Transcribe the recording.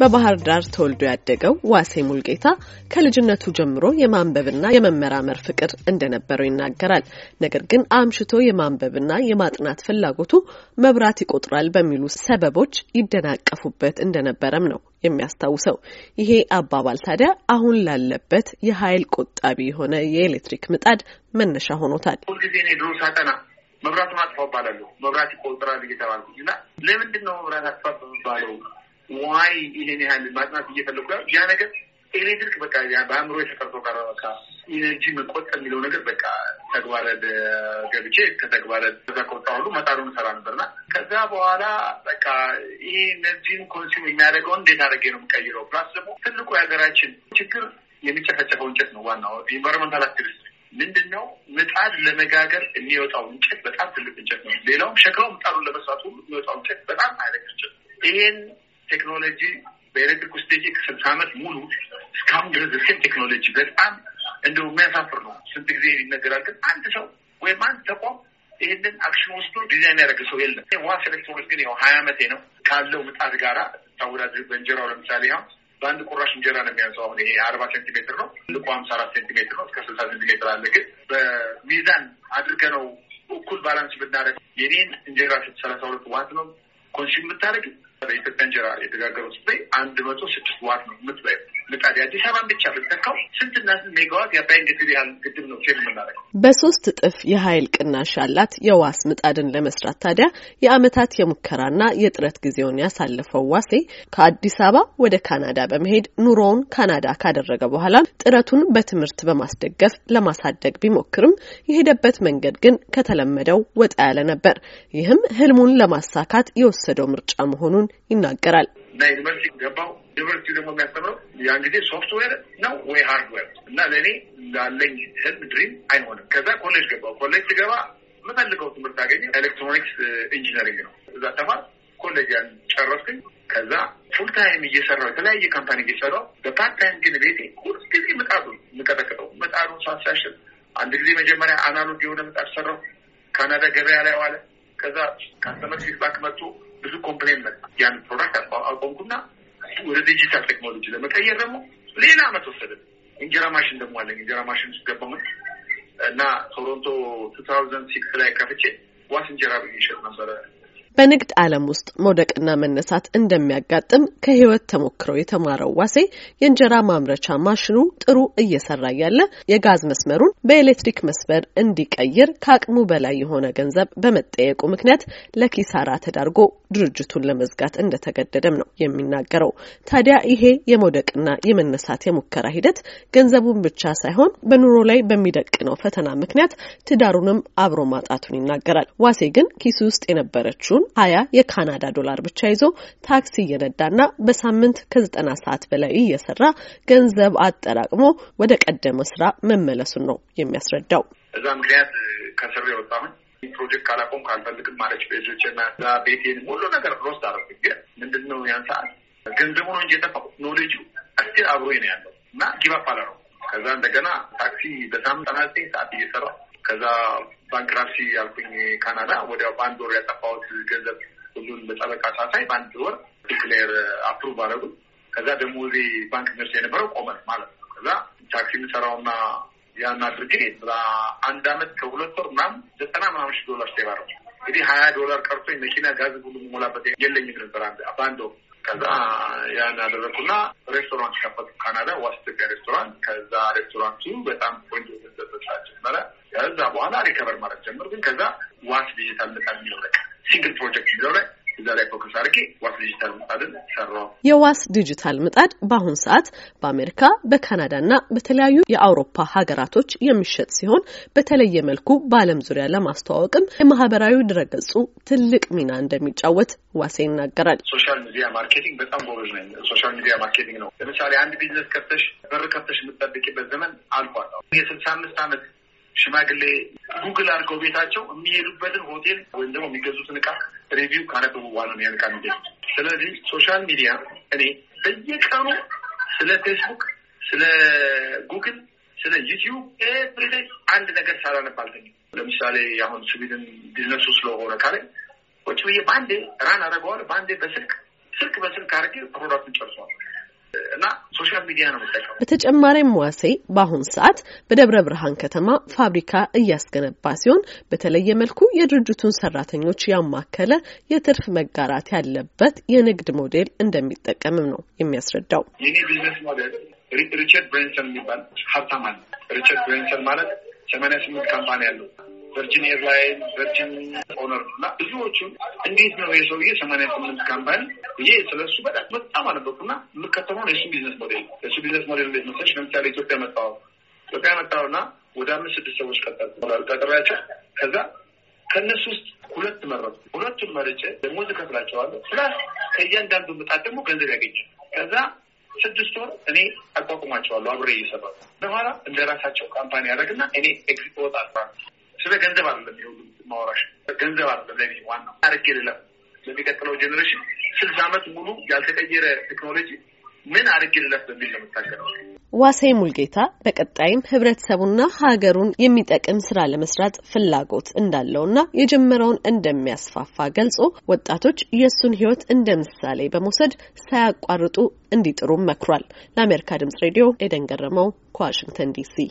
በባህር ዳር ተወልዶ ያደገው ዋሴ ሙልጌታ ከልጅነቱ ጀምሮ የማንበብና የመመራመር ፍቅር እንደነበረው ይናገራል። ነገር ግን አምሽቶ የማንበብና የማጥናት ፍላጎቱ መብራት ይቆጥራል በሚሉ ሰበቦች ይደናቀፉበት እንደነበረም ነው የሚያስታውሰው። ይሄ አባባል ታዲያ አሁን ላለበት የኃይል ቆጣቢ የሆነ የኤሌክትሪክ ምጣድ መነሻ ሆኖታል። መብራቱን አጥፋው እባላለሁ። መብራት ይቆጥራል እየተባልኩኝ እና ለምንድን ነው መብራት አጥፋ በሚባለው ዋይ ይሄን ያህል ማጥናት እየፈለጉ ያ ነገር ኤሌክትሪክ በቃ በአእምሮ የተቀርቶ ቀረ። በቃ ኢነርጂ መቆጠብ የሚለው ነገር በቃ ተግባረ ገብቼ ከተግባረ ከዛ ከወጣ ሁሉ መጣሩን ሰራ ነበርና ከዛ በኋላ በቃ ይሄ ኢነርጂን ኮንሱም የሚያደርገውን እንዴት አድርጌ ነው የምቀይረው? ፕላስ ደግሞ ትልቁ የሀገራችን ችግር የሚጨፈጨፈው እንጨት ነው። ዋናው ኢንቫይሮንመንታል አክቲቪስት ምንድን ነው ምጣድ ለመጋገር የሚወጣው እንጨት በጣም ትልቅ እንጨት ነው። ሌላውም ሸክላው ምጣዱን ለመስራት ሁሉ የሚወጣው እንጨት በጣም አይለቅ እንጨት ይሄን ቴክኖሎጂ በኤሌክትሪክ ውስጥ ስልሳ አመት ሙሉ እስካሁን ድረስ እስኪም ቴክኖሎጂ በጣም እንደው የሚያሳፍር ነው። ስንት ጊዜ ይነገራል፣ ግን አንድ ሰው ወይም አንድ ተቋም ይህንን አክሽን ወስዶ ዲዛይን ያደረገ ሰው የለም። ዋስ ኤሌክትሮኒክስ ግን ያው ሀያ አመቴ ነው ካለው ምጣድ ጋራ ታወዳድር። በእንጀራው ለምሳሌ ሁ በአንድ ቁራሽ እንጀራ ነው የሚያንሰው። አሁን ይሄ አርባ ሴንቲሜትር ነው ልቆ ሀምሳ አራት ሴንቲሜትር ነው እስከ ስልሳ ሴንቲሜትር አለ። ግን በሚዛን አድርገ ነው እኩል ባላንስ ብናደረግ የኔን እንጀራ ስት ሰላሳ ሁለት ዋት ነው ኮንሱም የምታደረግ በኢትዮጵያ እንጀራ የተጋገረው ስፌ አንድ መቶ ስድስት ዋት ነው የምትበይው ምጣድ አዲስ አበባን ብቻ ብንተካው ስንትና ስንት ሜጋዋት የአባይን ግድብ ያህል ግድብ ነው ፌል የምናደርገው። በሶስት እጥፍ የኃይል ቅናሽ ያላት የዋስ ምጣድን ለመስራት ታዲያ የአመታት የሙከራና የጥረት ጊዜውን ያሳለፈው ዋሴ ከአዲስ አበባ ወደ ካናዳ በመሄድ ኑሮውን ካናዳ ካደረገ በኋላ ጥረቱን በትምህርት በማስደገፍ ለማሳደግ ቢሞክርም የሄደበት መንገድ ግን ከተለመደው ወጣ ያለ ነበር። ይህም ህልሙን ለማሳካት የወሰደው ምርጫ መሆኑን ይናገራል። እና ዩኒቨርሲቲ ገባው። ዩኒቨርሲቲ ደግሞ የሚያስተምረው ያን ጊዜ ሶፍትዌር ነው ወይ ሃርድዌር እና ለእኔ ላለኝ ህልም ድሪም አይሆንም። ከዛ ኮሌጅ ገባው። ኮሌጅ ስገባ የምፈልገው ትምህርት አገኘ። ኤሌክትሮኒክስ ኢንጂነሪንግ ነው። እዛ ተማር ኮሌጅ ያን ጨረስኩኝ። ከዛ ፉል ታይም እየሰራው የተለያየ ካምፓኒ እየሰራው በፓርት ታይም ግን ቤቴ ሁል ጊዜ ምጣዱ የምቀጠቅጠው ምጣዱን ሳሳሽን አንድ ጊዜ መጀመሪያ አናሎግ የሆነ ምጣድ ሰራው። ካናዳ ገበያ ላይ ዋለ። ከዛ ካስተመር ፊድባክ መጥቶ ብዙ ኮምፕሌን መጣ። ያን ፕሮዳክት አቆምኩና ወደ ዲጂታል ቴክኖሎጂ ለመቀየር ደግሞ ሌላ አመት ወሰደ። እንጀራ ማሽን ደግሞ አለኝ። እንጀራ ማሽን ውስጥ ገባሁ እና ቶሮንቶ ቱ ታውዘንድ ሲክስ ላይ ከፍቼ ዋስ እንጀራ ብዬ ይሸጥ ነበረ በንግድ ዓለም ውስጥ መውደቅና መነሳት እንደሚያጋጥም ከህይወት ተሞክረው የተማረው ዋሴ የእንጀራ ማምረቻ ማሽኑ ጥሩ እየሰራ ያለ የጋዝ መስመሩን በኤሌክትሪክ መስመር እንዲቀይር ከአቅሙ በላይ የሆነ ገንዘብ በመጠየቁ ምክንያት ለኪሳራ ተዳርጎ ድርጅቱን ለመዝጋት እንደተገደደም ነው የሚናገረው። ታዲያ ይሄ የመውደቅና የመነሳት የሙከራ ሂደት ገንዘቡን ብቻ ሳይሆን በኑሮ ላይ በሚደቅነው ፈተና ምክንያት ትዳሩንም አብሮ ማጣቱን ይናገራል። ዋሴ ግን ኪሱ ውስጥ የነበረችውን ሀያ የካናዳ ዶላር ብቻ ይዞ ታክሲ እየነዳና በሳምንት ከዘጠና ሰዓት በላይ እየሰራ ገንዘብ አጠራቅሞ ወደ ቀደመ ስራ መመለሱን ነው የሚያስረዳው። እዛ ምክንያት ከስር የወጣሁኝ ፕሮጀክት ካላቆም ካልፈልግም ማለች ቤዞች ና ቤቴን ሁሉ ነገር ሮስት አረግ ግን ምንድን ነው ያን ሰዓት ገንዘቡ ነው እንጂ የጠፋ ኖሌጁ እስቲል አብሮ ነው ያለው እና ጊባፓላ ነው። ከዛ እንደገና ታክሲ በሳምንት ጠናዘጠኝ ሰዓት እየሰራ ከዛ ባንክራፕሲ ያልኩኝ ካናዳ ወደ በአንድ ወር ያጠፋሁት ገንዘብ ሁሉን በጠበቃ ሳሳይ በአንድ ወር ዲክሌር አፕሩቭ አደረጉ። ከዛ ደግሞ ዜ ባንክ ምርስ የነበረው ቆመ ማለት ነው። ከዛ ታክሲ የምሰራውና ያን አድርጌ አንድ አመት ከሁለት ወር ምናምን ዘጠና ምናምን ሺ ዶላር ሴባረ እንግዲህ ሀያ ዶላር ቀርቶኝ መኪና ጋዝ ሁሉ የምሞላበት የለኝም ነበር በአንድ ወር። ከዛ ያን አደረግኩና ሬስቶራንት ከፈቱ ካናዳ ዋስ ኢትዮጵያ ሬስቶራንት። ከዛ ሬስቶራንቱ በጣም ቆንጆ በኋላ ሪከቨር ማለት ጀምር። ግን ከዛ ዋት ዲጂታል ልቃል የሚለው በቃ ሲንግል ፕሮጀክት የሚለው ላይ እዛ ላይ ፎከስ አድርጌ ዋስ ዲጂታል ምጣድን ሰራው። የዋስ ዲጂታል ምጣድ በአሁን ሰዓት በአሜሪካ በካናዳ በካናዳና በተለያዩ የአውሮፓ ሀገራቶች የሚሸጥ ሲሆን በተለየ መልኩ በዓለም ዙሪያ ለማስተዋወቅም የማህበራዊ ድረገጹ ትልቅ ሚና እንደሚጫወት ዋሴ ይናገራል። ሶሻል ሚዲያ ማርኬቲንግ በጣም ጎበዝ ነኝ። ሶሻል ሚዲያ ማርኬቲንግ ነው። ለምሳሌ አንድ ቢዝነስ ከፍተሽ በር ከፍተሽ የምትጠብቂበት ዘመን አልፏል። የስልሳ አምስት አመት ሽማግሌ ጉግል አድርገው ቤታቸው የሚሄዱበትን ሆቴል ወይም ደግሞ የሚገዙትን እቃ ሪቪው ካነበቡ በኋላ ነው ያን እቃ ስለዚህ ሶሻል ሚዲያ እኔ በየቀኑ ስለ ፌስቡክ፣ ስለ ጉግል፣ ስለ ዩቲዩብ ኤቭሪዴይ አንድ ነገር ሳላነብ ለምሳሌ አሁን ስዊድን ቢዝነሱ ስለሆነ ካለ ቁጭ ብዬ በአንዴ ራን አደረገዋል። በአንዴ በስልክ ስልክ በስልክ አድርጌ ፕሮዳክቱን ጨርሰዋል። እና ሶሻል ሚዲያ ነው የምጠቀሙ። በተጨማሪም ዋሴ በአሁን ሰዓት በደብረ ብርሃን ከተማ ፋብሪካ እያስገነባ ሲሆን በተለየ መልኩ የድርጅቱን ሰራተኞች ያማከለ የትርፍ መጋራት ያለበት የንግድ ሞዴል እንደሚጠቀምም ነው የሚያስረዳው። የኔ ቢዝነስ ሞዴል ሪቸርድ ብሬንሰን የሚባል ሀብታም አለ። ሪቸርድ ብሬንሰን ማለት ሰማንያ ስምንት ካምፓኒ ያለው ቨርጅን ኤርላይን፣ ቨርጅን ኦነር እና ብዙዎቹን እንዴት ነው የሰውዬ ሰማንያ ስምንት ካምፓኒ ብዬ ስለሱ በጣም በጣም አነበኩ እና የምከተመው የሱ ቢዝነስ ሞዴል የሱ ቢዝነስ ሞዴል ቤት መሰለሽ፣ ለምሳሌ ኢትዮጵያ መጣው ኢትዮጵያ መጣው እና ወደ አምስት ስድስት ሰዎች ቀጠል ቀጠራቸው ከዛ ከእነሱ ውስጥ ሁለት መረጡ። ሁለቱን መርጬ ደግሞ እከፍላቸዋለሁ ፕላስ ከእያንዳንዱ ምጣት ደግሞ ገንዘብ ያገኛል። ከዛ ስድስት ወር እኔ አቋቁማቸዋለሁ አብሬ እየሰራ በኋላ እንደ ራሳቸው ካምፓኒ ያደረግና እኔ ኤግዚት ወጣ ስለ ገንዘብ አለም ይኸው ማወራሽ ገንዘብ አይደለም ለኔ ዋናው አርግ የለም ለሚቀጥለው ጀኔሬሽን ስልሳ ዓመት ሙሉ ያልተቀየረ ቴክኖሎጂ ምን አድርግለት በሚል ነው ዋሴ ሙልጌታ በቀጣይም ህብረተሰቡና ሀገሩን የሚጠቅም ስራ ለመስራት ፍላጎት እንዳለውና የጀመረውን እንደሚያስፋፋ ገልጾ ወጣቶች የእሱን ህይወት እንደ ምሳሌ በመውሰድ ሳያቋርጡ እንዲጥሩም መክሯል። ለአሜሪካ ድምጽ ሬዲዮ ኤደን ገረመው ከዋሽንግተን ዲሲ